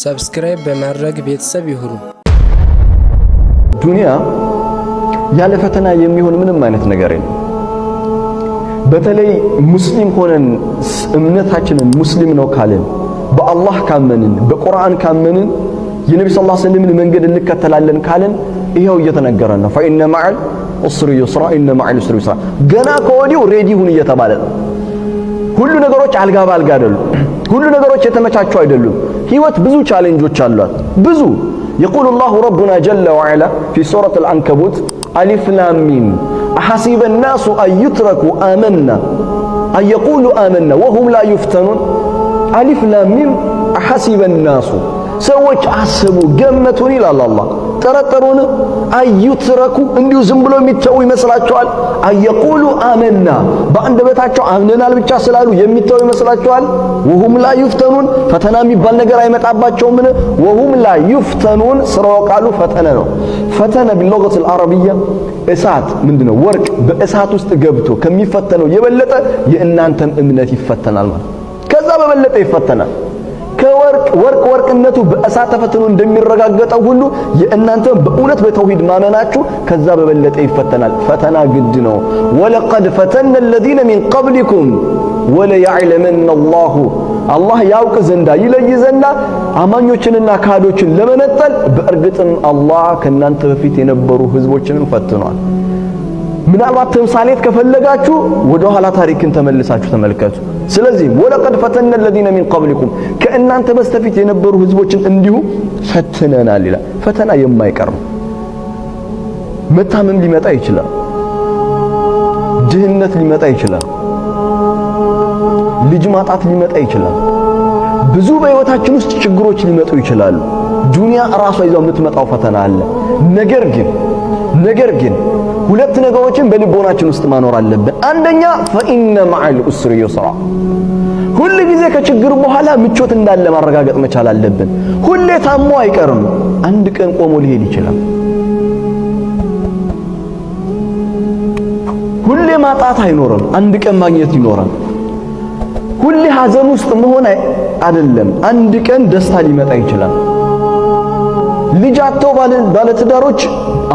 ሰብስክራይብ በማድረግ ቤተሰብ ይሁኑ። ዱንያ ያለ ፈተና የሚሆን ምንም አይነት ነገር የለም። በተለይ ሙስሊም ሆነን እምነታችንን ሙስሊም ነው ካልን በአላህ ካመንን በቁርአን ካመንን የነቢ ሰለላሁ ላ ስለምን መንገድ እንከተላለን ካለን ይኸው እየተነገረ ነው። ፈኢነ ማዕል ዑስሪ ዩስራ፣ ኢነ ማዕል ዑስሪ ዩስራ። ገና ከወዲሁ ሬዲ ሁን እየተባለ ነው። ሁሉ ነገሮች አልጋ ባልጋ አይደሉም። ሁሉ ነገሮች የተመቻቸው አይደሉም። ህይወት ብዙ ቻሌንጆች አሏት ብዙ يقول الله ربنا جل وعلا في سورة العنكبوت ألف لام ميم أحسب الناس أن يتركوا آمنا أن يقولوا آمنا وهم لا يفتنون ألف لام ميم أحسب الناس سوك عسبوا جمة إلى الله ጠረጠሩን? አዩትረኩ እንዲሁ ዝም ብሎ የሚተዉ ይመስላችኋል አየቁሉ አመና በአንደበታቸው አምነናል ብቻ ስላሉ የሚተዉ ይመስላችኋል ወሁም ላ ዩፍተኑን ፈተና የሚባል ነገር አይመጣባቸውምን? ወሁም ላ ዩፍተኑን ስራው ቃሉ ፈተነ ነው። ፈተነ ቢሎገት አልዓረብያ እሳት ምንድነው? ወርቅ በእሳት ውስጥ ገብቶ ከሚፈተነው የበለጠ የእናንተም እምነት ይፈተናል ማለት ከዛ በበለጠ ይፈተናል። ከወርቅ ወርቅ ወርቅነቱ በእሳት ተፈትኖ እንደሚረጋገጠው ሁሉ የእናንተ በእውነት በተውሂድ ማመናችሁ ከዛ በበለጠ ይፈተናል። ፈተና ግድ ነው። ወለቀድ ፈተነ الذين من قبلكم وليعلمن الله አላህ ያውቅ ዘንዳ ይለይ ዘንዳ አማኞችንና ካዶችን ለመነጠል በእርግጥም አላህ ከእናንተ በፊት የነበሩ ህዝቦችንም ፈትኗል። ምናልባት ተምሳሌት ከፈለጋችሁ ወደ ኋላ ታሪክን ተመልሳችሁ ተመልከቱ። ስለዚህ ወለቀድ ፈተነ الذين ሚን ቀብሊኩም ከእናንተ በስተፊት የነበሩ ህዝቦችን እንዲሁ ፈትነናል ይላል። ፈተና የማይቀር ነው። መታመም ሊመጣ ይችላል። ድህነት ሊመጣ ይችላል። ልጅ ማጣት ሊመጣ ይችላል። ብዙ በህይወታችን ውስጥ ችግሮች ሊመጡ ይችላሉ። ዱንያ ራሷ ይዛው የምትመጣው ፈተና አለ። ነገር ግን ነገር ግን ሁለት ነገሮችን በልቦናችን ውስጥ ማኖር አለብን። አንደኛ ፈኢነ መዐል ዑስሪ ዩስራ፣ ሁል ጊዜ ከችግር በኋላ ምቾት እንዳለ ማረጋገጥ መቻል አለብን። ሁሌ ታሞ አይቀርም። አንድ ቀን ቆሞ ሊሄድ ይችላል። ሁሌ ማጣት አይኖርም። አንድ ቀን ማግኘት ይኖራል። ሁሌ ሀዘን ውስጥ መሆን አይደለም። አንድ ቀን ደስታ ሊመጣ ይችላል። ልጅ አጥተው ባለትዳሮች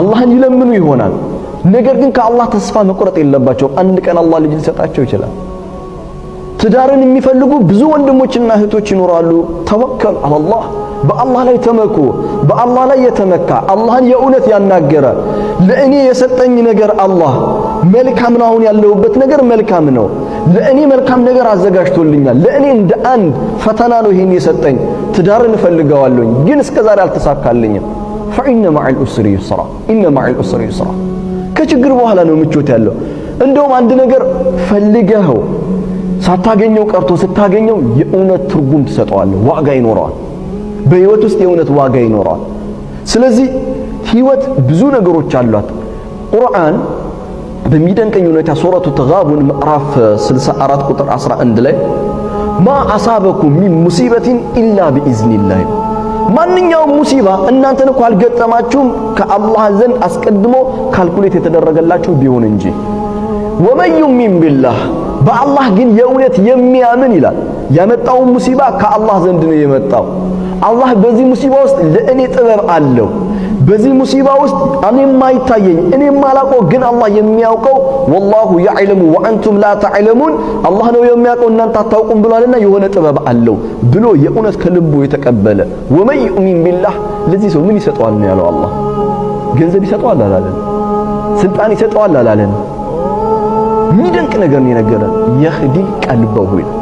አላህን ይለምኑ ይሆናል። ነገር ግን ከአላህ ተስፋ መቁረጥ የለባቸውም። አንድ ቀን አላህ ልጅ ሊሰጣቸው ይችላል። ትዳርን የሚፈልጉ ብዙ ወንድሞችና እህቶች ይኖራሉ። ተወከሉ አላህ፣ በአላህ ላይ ተመኩ። በአላህ ላይ የተመካ አላህን የእውነት ያናገረ ለእኔ የሰጠኝ ነገር አላህ መልካም ነው። አሁን ያለሁበት ነገር መልካም ነው። ለእኔ መልካም ነገር አዘጋጅቶልኛል። ለእኔ እንደ አንድ ፈተና ነው ይሄን የሰጠኝ። ትዳርን እፈልገዋለሁኝ፣ ግን እስከዛሬ አልተሳካልኝም። ፈኢነ ማዕል ኡስሪ ዩስራ፣ ኢነ ማዕል ኡስሪ ዩስራ ከችግር በኋላ ነው ምቾት ያለው። እንደውም አንድ ነገር ፈልገኸው ሳታገኘው ቀርቶ ስታገኘው የእውነት ትርጉም ትሰጠዋለህ፣ ዋጋ ይኖረዋል። በህይወት ውስጥ የእውነት ዋጋ ይኖረዋል። ስለዚህ ህይወት ብዙ ነገሮች አሏት። ቁርአን በሚደንቀኝ ሁኔታ ሱረቱ ተጋቡን ምዕራፍ 64 ቁጥር 11 ላይ ማ አሳበኩም ሚን ሙሲበቲን ኢላ ቢኢዝኒላህ ማንኛውም ሙሲባ እናንተን እኮ አልገጠማችሁም ከአላህ ዘንድ አስቀድሞ ካልኩሌት የተደረገላችሁ ቢሆን እንጂ ወመን ዩሚን ቢላህ በአላህ ግን የእውነት የሚያምን ይላል። ያመጣውን ሙሲባ ከአላህ ዘንድ ነው የመጣው። አላህ በዚህ ሙሲባ ውስጥ ለእኔ ጥበብ አለው። በዚህ ሙሲባ ውስጥ እኔ የማይታየኝ እኔ የማላውቀው ግን አላህ የሚያውቀው ወላሁ ያዕለሙ ወአንቱም ላ ተዕለሙን አላህ ነው የሚያውቀው እናንተ አታውቁም ብሏልና የሆነ ጥበብ አለው ብሎ የእውነት ከልቡ የተቀበለ ወመን ዩእሚን ቢላህ ለዚህ ሰው ምን ይሰጠዋል ነው ያለው አላህ። ገንዘብ ይሰጠዋል አላለን፣ ስልጣን ይሰጠዋል አላለን። የሚደንቅ ነገር ነው የነገረን። የህዲ ቀልበው ይላል፣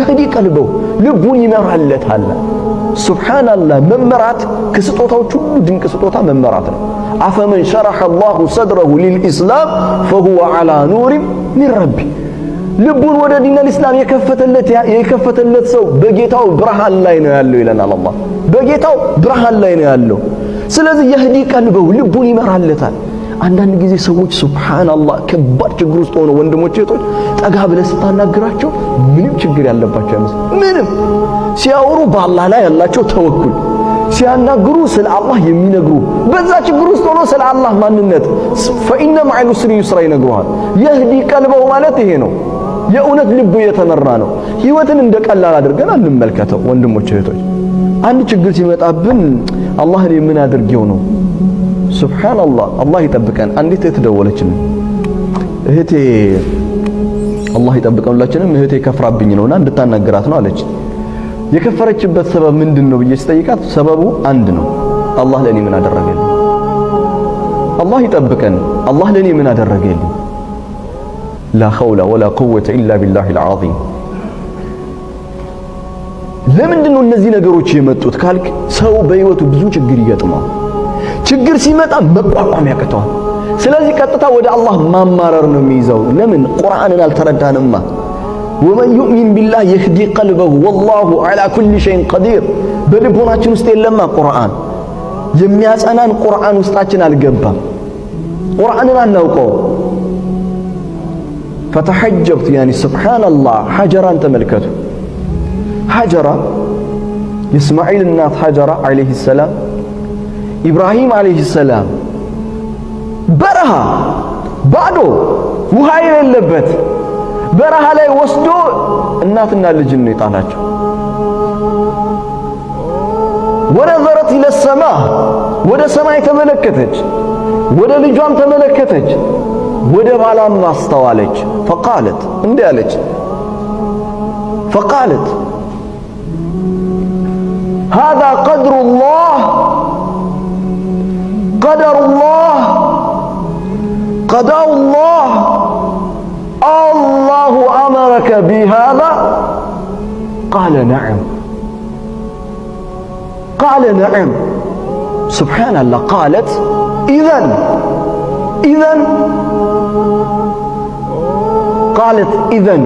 የህዲ ቀልበው ልቡን ይመራለታል። ሱብሓናላህ መመራት ከስጦታዎች ሁሉ ድንቅ ስጦታ መመራት ነው። አፈመን ሸረሐ አላሁ ሰድረሁ ሊልኢስላም ፈሁወ ዓላ ኑሪም ሚን ረቢ ልቡን ወደ ዲን አልኢስላም የከፈተለት ሰው በጌታው ብርሃን ላይ ነው ያለው ይለናል አላህ። በጌታው ብርሃን ላይ ነው ያለው። ስለዚህ የህዲ ቀልበው ልቡን ይመራለታል። አንዳንድ ጊዜ ሰዎች ሱብሃንአላህ ከባድ ችግር ውስጥ ሆነው ወንድሞች እህቶች ጠጋ ብለህ ስታናግራቸው ምንም ችግር ያለባቸው አይመስል ምንም ሲያወሩ በአላህ ላይ ያላቸው ተወኩል ሲያናግሩ ስለ አላህ የሚነግሩ በዛ ችግር ውስጥ ሆኖ ስለ አላህ ማንነት ፈኢነ ማዕል ዑስሪ ዩስራ ይነግሩሃል የህዲ ቀልበው ማለት ይሄ ነው የእውነት ልቡ የተመራ ነው ህይወትን እንደ ቀላል አድርገን አንመልከተው ወንድሞች እህቶች አንድ ችግር ሲመጣብን አላህን ምን አድርጌው ነው ሱብሓነላህ አላህ ይጠብቀን። አንዲት እህት ደወለችልኝ። እህቴ አላህ ይጠብቀን ሁላችንም። እህቴ ከፍራብኝ ነውና እንድታናግራት ነው አለች። የከፈረችበት ሰበብ ምንድን ነው ብዬ ስጠይቃት ሰበቡ አንድ ነው። አላህ ለእኔ ምን አደረገልኝ? አላህ ይጠብቀን። አላህ ለእኔ ምን አደረገልኝ? ላ ኸውለ ወላ ቁወተ ኢላ ቢላሂል ዓዚም። ለምንድን ነው እነዚህ ነገሮች የመጡት ካልክ ሰው በህይወቱ ብዙ ችግር ይገጥማል። ችግር ሲመጣ መቋቋም ያቅተዋል። ስለዚህ ቀጥታ ወደ አላህ ማማረር ነው የሚይዘው። ለምን ቁርአንን አልተረዳንማ። ወመን ዩእሚን ቢላህ የህዲ ቀልበሁ ወላሁ ዓላ ኩሊ ሸይን ቀዲር። በልቦናችን ውስጥ የለማ ቁርአን የሚያጸናን ቁርአን ውስጣችን አልገባም። ቁርአንን አናውቀው። ፈተሐጀብቱ ያኒ ስብሓነላህ። ሐጀራን ተመልከቱ። ሐጀራ የእስማዒል እናት ሐጀራ ዓለይሂ ሰላም ኢብራሂም አለይሂ ሰላም በረሃ ባዶ ውሃ የሌለበት በረሃ ላይ ወስዶ እናትና ልጅን ነው የጣላቸው። ወነዘረት ኢለ ወደ ሰማይ ተመለከተች፣ ወደ ልጇም ተመለከተች፣ ወደ ባላም አስተዋለች። ፈቃለት እንዲህ አለች፣ ፈቃለት ሃዛ قضاء الله الله أمرك بهذا قال نعم قال نعم سبحان الله قالت إذا إذا قالت إذا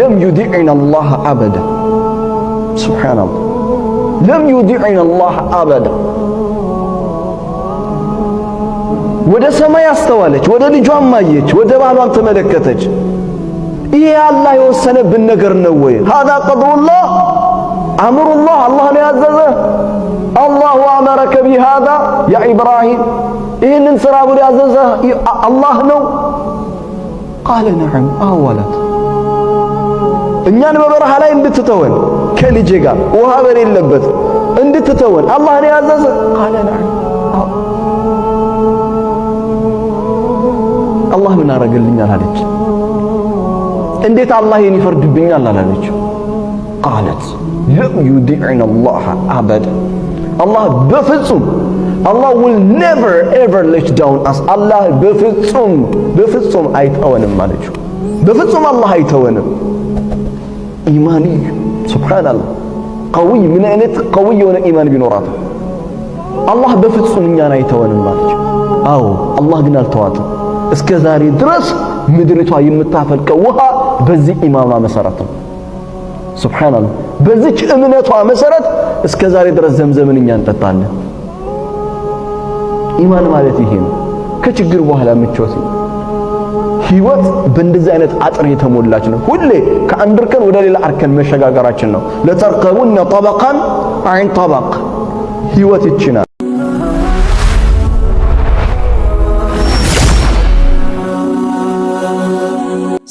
لم يدعنا الله أبدا سبحان الله لم يدعنا الله أبدا ወደ ሰማይ አስተዋለች፣ ወደ ልጇም አየች፣ ወደ ባሏም ተመለከተች። ይሄ አላህ የወሰነብን ነገር ነው ወይ? ሀዛ ቀድሩላህ አምሩላህ አላህ ነው ያዘዘ። አላሁ አመረከ ቢሃዛ ያ ኢብራሂም ይህንን ስራ ብሎ ያዘዘ አላህ ነው። ቃለ ነዓም አዋላት እኛን በበረሃ ላይ እንድትተወን ከልጄ ጋር ውሃ በሌለበት እንድትተወን አላህ ነው ያዘዘ። ቃለ ነዓም አላህ ምን አረገልኛል አለች። እንዴት አላህ የኔ ይፈርድብኛል አላለች። ቃለት ለም ዩዲዕን አላህ አበደ አላህ በፍጹም አላህ ዊል ኔቨር ኤቨር ሌት ዳውን አስ አላህ በፍጹም በፍጹም አይተወንም አለችው። በፍጹም አላህ አይተወንም። ኢማንይ ሱብሓነላህ ቀውይ ምን አይነት ቀውይ የሆነ ኢማን ቢኖራትም አላህ በፍጹም እኛን አይተወንም አለችው። አዎ አላህ ግን አልተዋትም። እስከ ዛሬ ድረስ ምድሪቷ የምታፈልቀው ውሃ በዚህ ኢማማ መሰረት ነው። ሱብሃንአላህ በዚች እምነቷ መሰረት እስከ ዛሬ ድረስ ዘምዘምን እኛ እንጠጣለን። ኢማን ማለት ይሄ ነው። ከችግር በኋላ ምቾት ህይወት በእንደዚህ አይነት አጥር የተሞላች ነው። ሁሌ ከአንድ እርከን ወደ ሌላ እርከን መሸጋገራችን ነው። ለተርከቡነ ጠበቃን አይን ጠበቅ ህይወት ይችናል።